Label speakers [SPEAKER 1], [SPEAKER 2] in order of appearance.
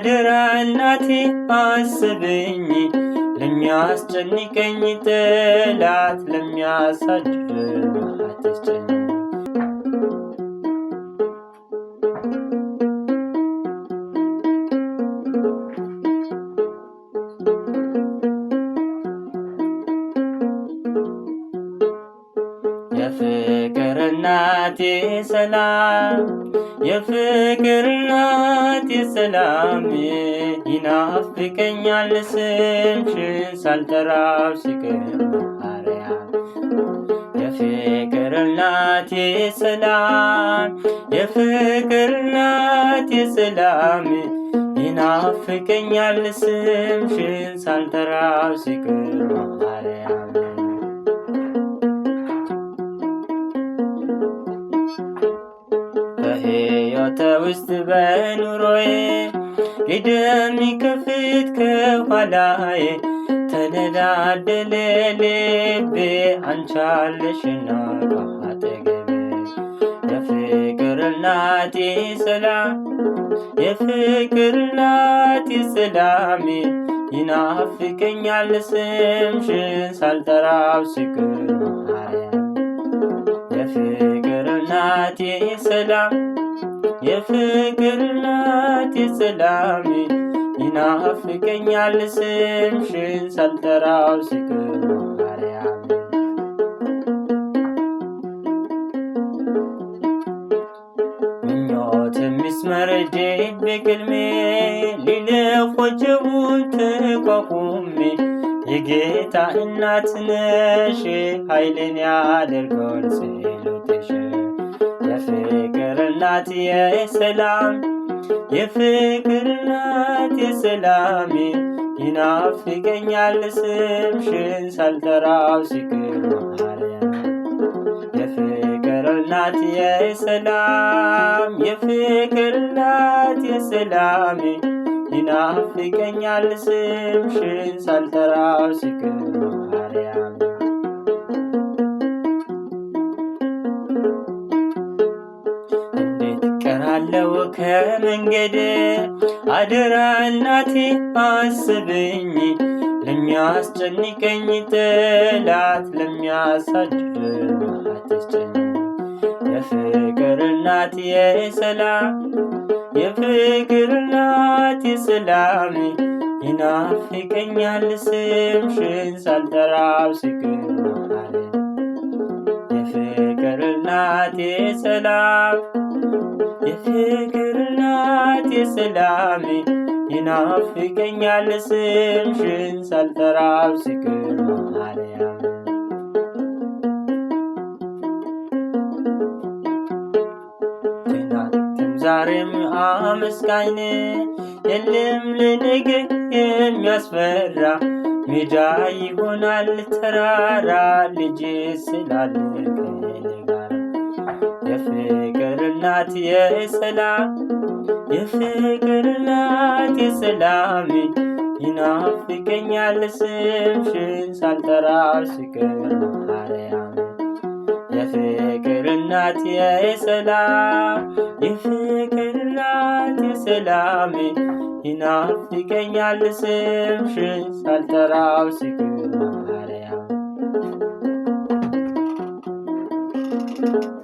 [SPEAKER 1] አደራ እናቴ አስብኝ፣ ለሚያስጨንቀኝ ጠላት ለሚያሳድር አትስጨኝ። የእናቴ ሰላም የፍቅር እናቴ ሰላም ይናፍቀኛል ስምሽን ሳልጠራው ሲቀር ማርያም የፍቅር እናቴ ሰላም የፍቅር እናቴ ሰላም ይናፍቀኛል ስምሽን ሳልጠራው ሲቀር ማርያም በሕይወቴ ውስጥ በኑሮዬ ሊደም የሚከፍት ከኋላዬ ተደላደለ ልቤ አንቺ አጠገቤ የፍቅር እናቴ ሰላም የፍቅር እናቴ ሰላሜ ይናፍቀኛል ስምሽን ሳልጠራው ስቅር የፍቅር እናቴ ሰላም የፍቅር እናት የሰላም ይናፍቀኛል ስምሽን ሳልጠራው ስቅር ማርያም ምኞት የሚስመር እጅግ በቅልሜ ሊለቆጀቡ ተቋቁሜ የጌታ እናት ነሽ ኃይልን ያደርገውን ጸሎትሽ ያላት የሰላም የፍቅር እናት የሰላሜ ይናፍቀኛል ስምሽን ሳልጠራው ሲቅር እናት የሰላም የፍቅር እናት የሰላሜ ይናፍቀኛል ስምሽን ሳልጠራው ሲቅር ማርያም ከመንገድ አደራ እናቴ አስብኝ ለሚያስጨንቀኝ ጥላት ለሚያሳድድ አትስጨኝ የፍቅር እናት የሰላም የፍቅር እናት የሰላም ይናፍቀኛል ስምሽን ሳልጠራ እናቴ ሰላም የፍቅር እናቴ ሰላም ይናፍቀኛል ስምሽን ሳልጠራ ስቅር ማርያም ትናንትም ዛሬም አመስጋኝ የለም ለነገ የሚያስፈራ ሜዳ ይሆናል ተራራ ልጅ ስላለ የፍቅር እናት የሰላም የፍቅር እናት የሰላም ይናፍቀኛል ስምሽን ሳልጠራ ስቀር ማርያም የፍቅር እናት የሰላም የፍቅር እናት የሰላም ይናፍቀኛል ስምሽን ሳልጠራ ማርያም